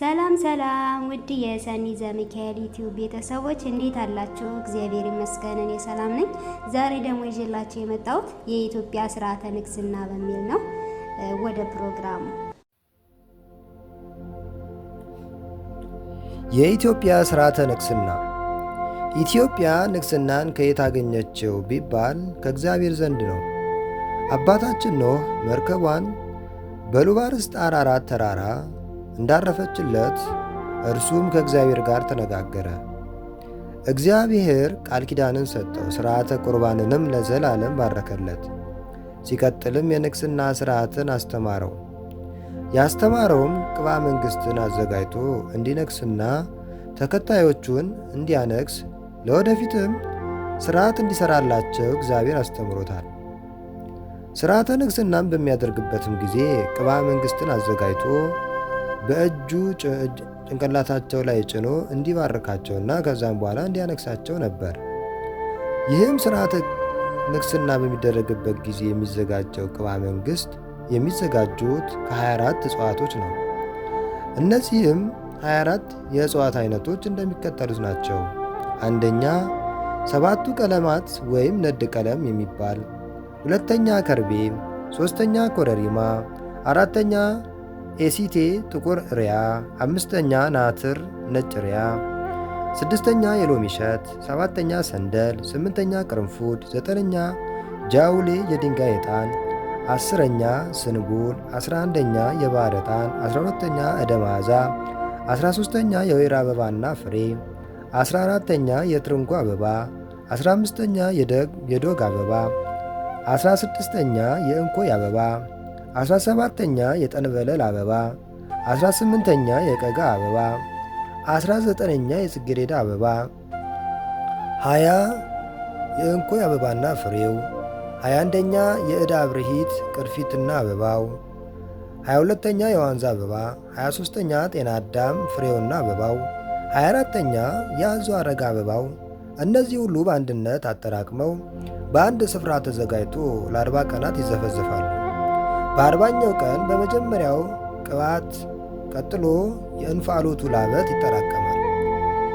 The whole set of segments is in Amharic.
ሰላም ሰላም ውድ የሰኒ ዘሚካኤል ዩቲዩብ ቤተሰቦች እንዴት አላችሁ? እግዚአብሔር ይመስገን እኔ ሰላም ነኝ። ዛሬ ደግሞ ይዤላችሁ የመጣሁት የኢትዮጵያ ስርዓተ ንግስና በሚል ነው። ወደ ፕሮግራሙ። የኢትዮጵያ ስርዓተ ንግስና። ኢትዮጵያ ንግስናን ከየት አገኘችው ቢባል ከእግዚአብሔር ዘንድ ነው። አባታችን ኖህ መርከቧን በሉባርስ ጣር አራት ተራራ እንዳረፈችለት እርሱም ከእግዚአብሔር ጋር ተነጋገረ። እግዚአብሔር ቃል ኪዳንን ሰጠው፣ ሥርዓተ ቁርባንንም ለዘላለም ባረከለት። ሲቀጥልም የንግሥና ሥርዓትን አስተማረው። ያስተማረውም ቅባ መንግሥትን አዘጋጅቶ እንዲነግሥና ተከታዮቹን እንዲያነግሥ ለወደፊትም ሥርዓት እንዲሠራላቸው እግዚአብሔር አስተምሮታል። ሥርዓተ ንግሥናም በሚያደርግበትም ጊዜ ቅባ መንግሥትን አዘጋጅቶ በእጁ ጭንቅላታቸው ላይ ጭኖ እንዲባርካቸውና ከዛም በኋላ እንዲያነግሳቸው ነበር። ይህም ስርዓተ ንግስና በሚደረግበት ጊዜ የሚዘጋጀው ቅባ መንግስት የሚዘጋጁት ከ24 እጽዋቶች ነው። እነዚህም 24 የእጽዋት አይነቶች እንደሚከተሉት ናቸው። አንደኛ ሰባቱ ቀለማት ወይም ነድ ቀለም የሚባል፣ ሁለተኛ ከርቤ፣ ሶስተኛ ኮረሪማ፣ አራተኛ ኤሲቴ ጥቁር ሪያ፣ አምስተኛ ናትር ነጭ ሪያ፣ ስድስተኛ የሎሚ እሸት፣ ሰባተኛ ሰንደል፣ ስምንተኛ ቅርንፉድ፣ ዘጠነኛ ጃውሌ የድንጋይ ዕጣን፣ አስረኛ ስንጉል፣ አስራ አንደኛ የባሕር ዕጣን፣ አስራ ሁለተኛ እደማዛ፣ መዓዛ፣ አስራ ሦስተኛ የወይራ አበባና ፍሬ፣ አስራ አራተኛ የትርንጎ አበባ፣ አስራ አምስተኛ የደግ የዶግ አበባ፣ አስራ ስድስተኛ የእንኮይ አበባ 17ኛ የጠንበለል አበባ፣ 18ኛ የቀጋ አበባ፣ 19ኛ የጽጌሬዳ አበባ፣ 20 የእንኮይ አበባና ፍሬው፣ 21ኛ የእዳ አብርሂት ቅርፊትና አበባው፣ 22ኛ የዋንዛ አበባ፣ 23ኛ ጤና አዳም ፍሬውና አበባው፣ 24ኛ የአዞ አረጋ አበባው። እነዚህ ሁሉ በአንድነት አጠራቅመው በአንድ ስፍራ ተዘጋጅቶ ለአርባ ቀናት ይዘፈዘፋሉ። በአርባኛው ቀን በመጀመሪያው ቅባት፣ ቀጥሎ የእንፋሎቱ ላበት ይጠራቀማል።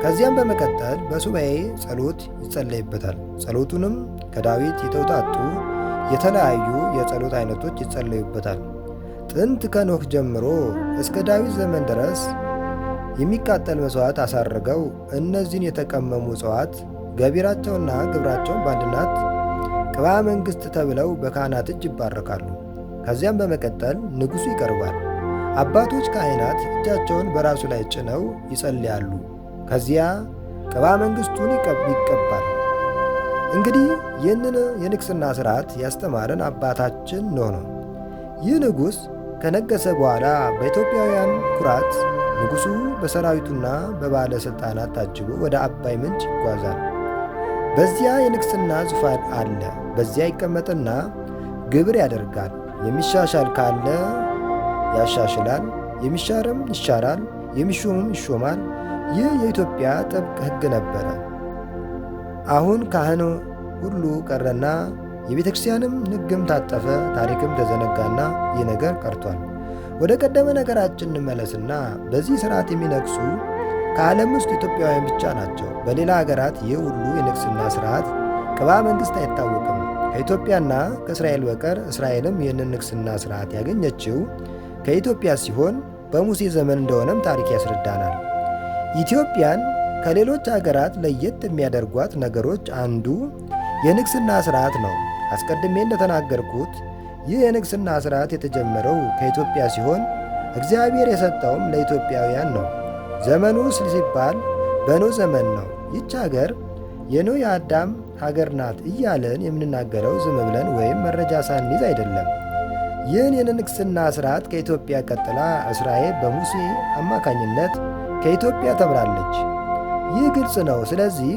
ከዚያም በመቀጠል በሱባኤ ጸሎት ይጸለይበታል። ጸሎቱንም ከዳዊት የተውጣጡ የተለያዩ የጸሎት አይነቶች ይጸለዩበታል። ጥንት ከኖህ ጀምሮ እስከ ዳዊት ዘመን ድረስ የሚቃጠል መሥዋዕት አሳርገው እነዚህን የተቀመሙ እጽዋት ገቢራቸውና ግብራቸውን በአንድነት ቅባ መንግሥት ተብለው በካህናት እጅ ይባረካሉ። ከዚያም በመቀጠል ንጉሡ ይቀርባል። አባቶች ካህናት እጃቸውን በራሱ ላይ ጭነው ይጸልያሉ። ከዚያ ቅባ መንግሥቱን ይቀባል። እንግዲህ ይህንን የንግሥና ሥርዓት ያስተማረን አባታችን ኖህ ነው። ይህ ንጉሥ ከነገሰ በኋላ በኢትዮጵያውያን ኩራት ንጉሡ በሰራዊቱና በባለሥልጣናት ታጅቦ ወደ አባይ ምንጭ ይጓዛል። በዚያ የንግሥና ዙፋን አለ። በዚያ ይቀመጥና ግብር ያደርጋል። የሚሻሻል ካለ ያሻሽላል፣ የሚሻርም ይሻራል፣ የሚሾምም ይሾማል። ይህ የኢትዮጵያ ጥብቅ ሕግ ነበረ። አሁን ካህን ሁሉ ቀረና የቤተ ክርስቲያንም ንግም ታጠፈ፣ ታሪክም ተዘነጋና ይህ ነገር ቀርቷል። ወደ ቀደመ ነገራችን እንመለስና በዚህ ሥርዓት የሚነግሱ ከዓለም ውስጥ ኢትዮጵያውያን ብቻ ናቸው። በሌላ አገራት ይህ ሁሉ የንግሥና ሥርዓት ቅባ መንግሥት አይታወቅም። ከኢትዮጵያና ከእስራኤል በቀር እስራኤልም ይህንን ንግሥና ሥርዓት ያገኘችው ከኢትዮጵያ ሲሆን በሙሴ ዘመን እንደሆነም ታሪክ ያስረዳናል። ኢትዮጵያን ከሌሎች አገራት ለየት የሚያደርጓት ነገሮች አንዱ የንግሥና ሥርዓት ነው። አስቀድሜ እንደተናገርኩት ይህ የንግሥና ሥርዓት የተጀመረው ከኢትዮጵያ ሲሆን እግዚአብሔር የሰጠውም ለኢትዮጵያውያን ነው። ዘመኑ ሲባል በኖ ዘመን ነው። ይች አገር የኖህ የአዳም ሀገር ናት እያለን የምንናገረው ዝም ብለን ወይም መረጃ ሳንይዝ አይደለም። ይህን የንግሥና ሥርዓት ከኢትዮጵያ ቀጥላ እስራኤል በሙሴ አማካኝነት ከኢትዮጵያ ተምራለች። ይህ ግልጽ ነው። ስለዚህ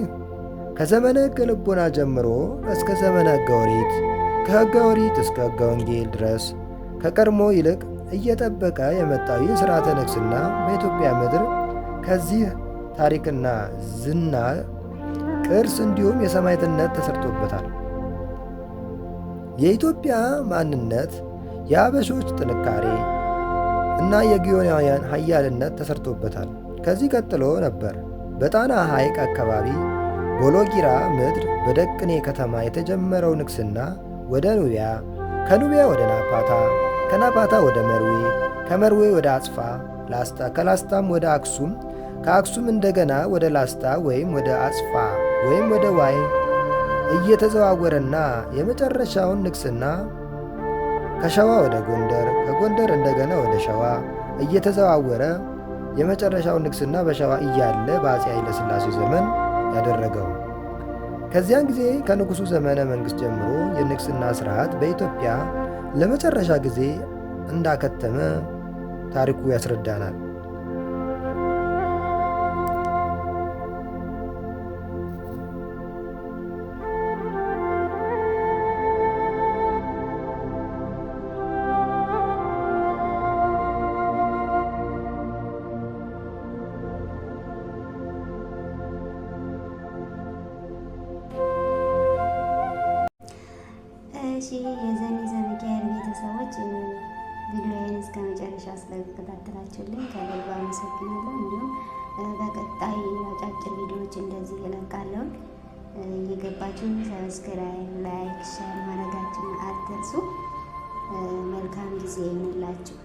ከዘመነ ሕገ ልቦና ጀምሮ እስከ ዘመነ ሕገ ኦሪት፣ ከሕገ ኦሪት እስከ ሕገ ወንጌል ድረስ ከቀድሞ ይልቅ እየጠበቀ የመጣው ይህ ሥርዓተ ንግሥና በኢትዮጵያ ምድር ከዚህ ታሪክና ዝና ቅርስ እንዲሁም የሰማዕትነት ተሰርቶበታል። የኢትዮጵያ ማንነት የአበሾች ጥንካሬ እና የጊዮናውያን ኃያልነት ተሰርቶበታል። ከዚህ ቀጥሎ ነበር በጣና ሐይቅ አካባቢ ቦሎጊራ ምድር በደቅኔ ከተማ የተጀመረው ንግሥና ወደ ኑቢያ፣ ከኑቢያ ወደ ናፓታ፣ ከናፓታ ወደ መርዌ፣ ከመርዌ ወደ አጽፋ ላስታ፣ ከላስታም ወደ አክሱም፣ ከአክሱም እንደገና ወደ ላስታ ወይም ወደ አጽፋ ወይም ወደ ዋይ እየተዘዋወረና የመጨረሻውን ንግስና ከሸዋ ወደ ጎንደር ከጎንደር እንደገና ወደ ሸዋ እየተዘዋወረ የመጨረሻውን ንግስና በሸዋ እያለ በአፄ ኃይለ ሥላሴ ዘመን ያደረገው። ከዚያን ጊዜ ከንጉሡ ዘመነ መንግሥት ጀምሮ የንግስና ስርዓት በኢትዮጵያ ለመጨረሻ ጊዜ እንዳከተመ ታሪኩ ያስረዳናል። እሺ የዘኒ ዘሚካኤል ቤተሰቦች ቪዲዮዬን እስከ መጨረሻ ስለተከታተላችሁልኝ ከልብ አመሰግናለሁ። እንዲሁም በቀጣይ አጫጭር ቪዲዮዎች እንደዚህ እለቃለሁ። እየገባችሁ ሰብስክራይብ፣ ላይክ፣ ሸር ማድረጋችሁን አትርሱ። መልካም ጊዜ ይሁንላችሁ።